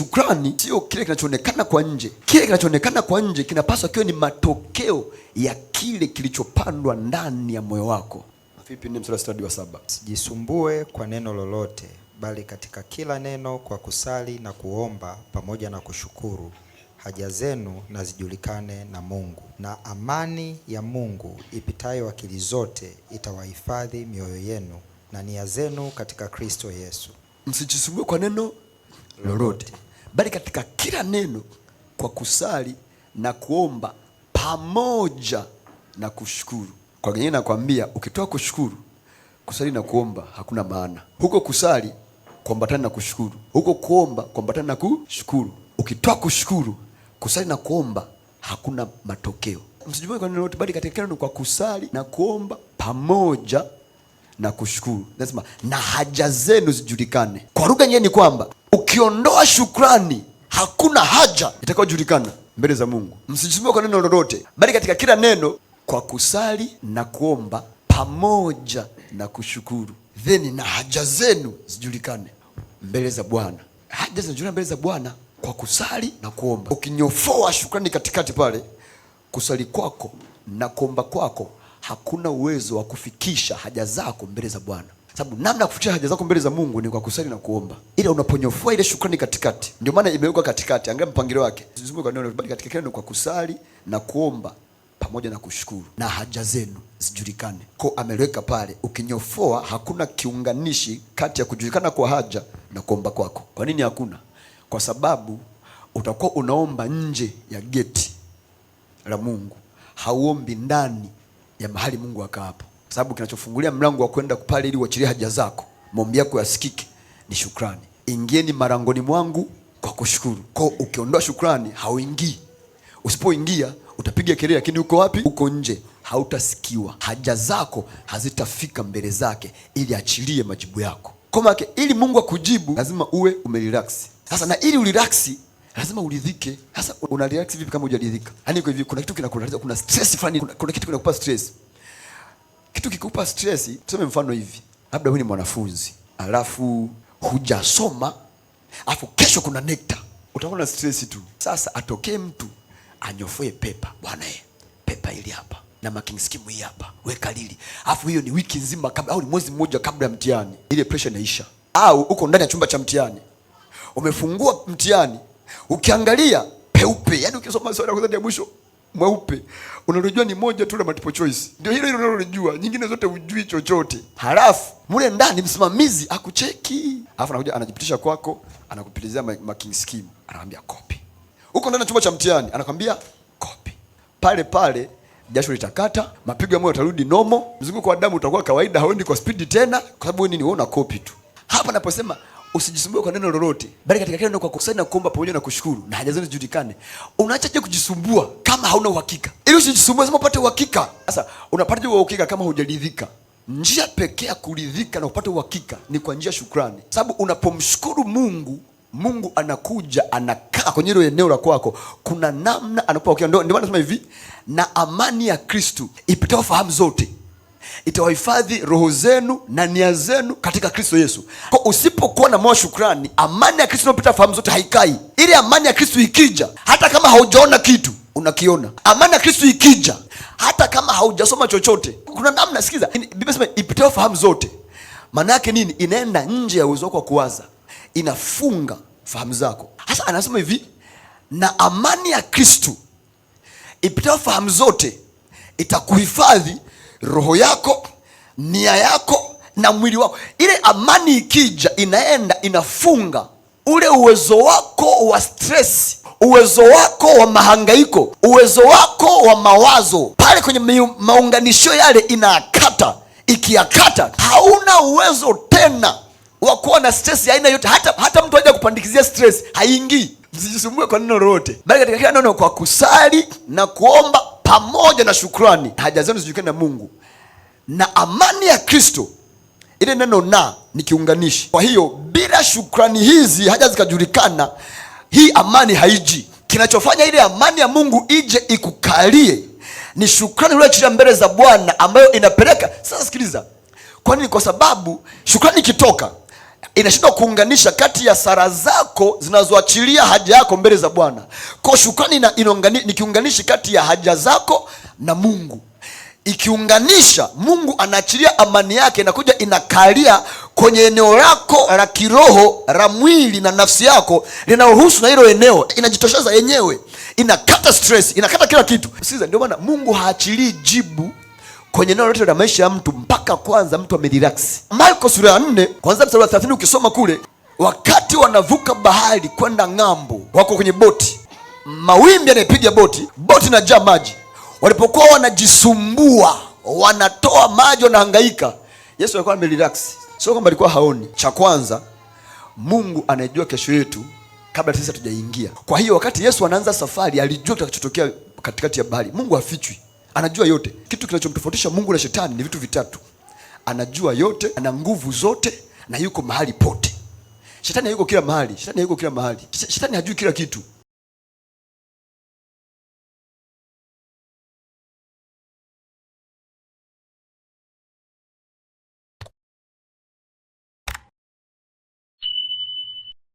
shukrani sio kile kinachoonekana kwa nje. Kile kinachoonekana kwa nje kinapaswa kiwe ni matokeo ya kile kilichopandwa ndani ya moyo wako. Wafilipi nne mstari stadi wa saba, sijisumbue kwa neno lolote, bali katika kila neno kwa kusali na kuomba pamoja na kushukuru haja zenu na zijulikane na Mungu, na amani ya Mungu ipitayo akili zote itawahifadhi mioyo yenu na nia zenu katika Kristo Yesu. Msijisumbue kwa neno lolote bali katika kila neno kwa kusali na kuomba pamoja na kushukuru. Kwa nini nakwambia, ukitoa kushukuru, kusali na kuomba hakuna maana. Huko kusali kuambatana na kushukuru, huko kuomba kuambatana na kushukuru. Ukitoa kushukuru, kusali na kuomba hakuna matokeo. Msijumbe kwa neno lote, bali katika kila neno kwa kusali na kuomba pamoja na kushukuru. Nasema na haja zenu zijulikane. Kwa lugha nyingine ni kwamba ukiondoa shukrani, hakuna haja itakayojulikana mbele za Mungu. Msijisumbue kwa neno lolote, bali katika kila neno kwa kusali na kuomba pamoja na kushukuru, then na haja zenu zijulikane mbele za Bwana. Haja zinajulikana mbele za Bwana kwa kusali na kuomba. Ukinyofoa shukrani katikati pale, kusali kwako na kuomba kwako hakuna uwezo wa kufikisha haja zako mbele za Bwana sababu namna ya kufikisha haja zako mbele za Mungu ni kwa kusali na kuomba, ila unaponyofua ile shukrani katikati. Ndio maana imewekwa katikati, angalia mpangilio wake kwa neno, katika kile ni kwa kusali na kuomba pamoja na kushukuru, na haja zenu zijulikane. Kwa ameweka pale, ukinyofoa hakuna kiunganishi kati ya kujulikana kwa haja na kuomba kwako. Kwa nini hakuna? Kwa sababu utakuwa unaomba nje ya geti la Mungu, hauombi ndani ya mahali Mungu akaapo sababu kinachofungulia mlango wa kwenda pale ili uachilie haja zako, maombi yako yasikike ni shukrani. Ingieni marangoni mwangu kwa kushukuru. Kwa ukiondoa shukrani hauingii. Usipoingia utapiga kelele, lakini uko wapi? Uko nje, hautasikiwa. Haja zako hazitafika mbele zake ili achilie majibu yako. Kwa maana ili Mungu akujibu lazima uwe umerelax. Sasa na ili urelax lazima uridhike. Sasa una relax vipi kama hujaridhika? Yaani iko hivi, kuna kitu kinakulaliza, kuna stress fulani, kuna, kuna kitu kinakupa stress kitu kikupa stress, tuseme mfano hivi, labda wewe ni mwanafunzi alafu hujasoma alafu kesho kuna nekta, utakuwa na stress tu. Sasa atokee mtu anyofoe pepa, bwana eh, pepa ili hapa na marking scheme hii hapa, weka lili, alafu hiyo ni wiki nzima kabla au ni mwezi mmoja kabla ya mtihani, ile pressure inaisha. Au uko ndani ya chumba cha mtihani, umefungua mtihani, ukiangalia peupe, yani ukisoma swali la kwanza ya mwisho mweupe unalojua ni moja tu la multiple choice, ndio hilo hilo unalojua, nyingine zote hujui chochote. Halafu mule ndani msimamizi akucheki, alafu anakuja anajipitisha kwako, anakupilizia marking scheme, anakwambia copy. Huko ndani chumba cha mtihani anakwambia copy pale pale, jasho litakata, mapigo ya moyo yatarudi nomo, mzunguko wa damu utakuwa kawaida, hauendi kwa spidi tena, kwa sababu wewe nini, wewe una copy tu. Hapa naposema Usijisumbue kwa neno lolote, bali katika kila neno kwa kusali na kuomba pamoja na kushukuru na haja zenu zijulikane. Unaachaje kujisumbua? hauna uhakika, ili usijisumbue sema upate uhakika. Sasa unapata uhakika kama hujaridhika? Njia pekee ya kuridhika na upate uhakika ni kwa njia shukrani, sababu unapomshukuru Mungu Mungu anakuja anakaa kwenye hilo eneo la kwako, kuna namna anapokea. Ndio maana nasema hivi, na amani ya Kristo ipitao fahamu zote itawahifadhi roho zenu na nia zenu katika Kristo Yesu. Kwa usipokuwa na moyo wa shukrani, amani ya Kristo inayopita fahamu zote haikai. Ile amani ya Kristo ikija, hata kama haujaona kitu unakiona. Amani ya Kristo ikija, hata kama haujasoma chochote, kuna namna. Sikiza, Biblia sema ipitao fahamu zote. Maana yake nini? Inaenda nje ya uwezo wako wa kuwaza, inafunga fahamu zako. hasa anasema hivi, na amani ya Kristo ipitao fahamu zote itakuhifadhi roho yako, nia yako na mwili wako. Ile amani ikija, inaenda inafunga ule uwezo wako wa stress uwezo wako wa mahangaiko, uwezo wako wa mawazo pale kwenye maunganisho yale inakata, Ikiakata hauna uwezo tena wa kuwa na stress ya aina yote. Hata hata mtu aja kupandikizia stress haingii. Msijisumbue kwa neno lolote, bali katika kila neno kwa kusali na kuomba pamoja na shukrani haja zenu zijulikane na Mungu, na amani ya Kristo. Ile neno na ni kiunganishi. Kwa hiyo bila shukrani hizi haja zikajulikana hii amani haiji. Kinachofanya ile amani ya Mungu ije ikukalie ni shukrani ulioachilia mbele za Bwana ambayo inapeleka sasa. Sikiliza, kwa nini? Kwa sababu shukrani ikitoka inashindwa kuunganisha kati ya sara zako zinazoachilia haja yako mbele za Bwana. Kwa shukrani ni kiunganishi kati ya haja zako na Mungu, ikiunganisha Mungu anaachilia amani yake, inakuja inakalia kwenye eneo lako la kiroho la mwili na nafsi yako linalohusu na hilo eneo, inajitosheza yenyewe, inakata stress, inakata kila kitu. Sikiza, ndio maana Mungu haachilii jibu kwenye eneo lote la maisha ya mtu mpaka kwanza mtu amerelax. Marko sura ya 4 kwanza mstari wa 30 ukisoma kule, wakati wanavuka bahari kwenda ng'ambo, wako kwenye boti, mawimbi yanayepiga boti, boti najaa maji. Walipokuwa wanajisumbua, wanatoa maji, wanahangaika, Yesu alikuwa amerelax. Sio kwamba alikuwa haoni. Cha kwanza, Mungu anajua kesho yetu kabla sisi hatujaingia. Kwa hiyo wakati Yesu anaanza safari, alijua kitakachotokea katikati ya bahari. Mungu hafichwi, anajua yote. Kitu kinachomtofautisha Mungu na shetani ni vitu vitatu: anajua yote, ana nguvu zote, na yuko mahali pote. Shetani hayuko kila mahali, shetani hayuko kila mahali, shetani hajui kila kitu.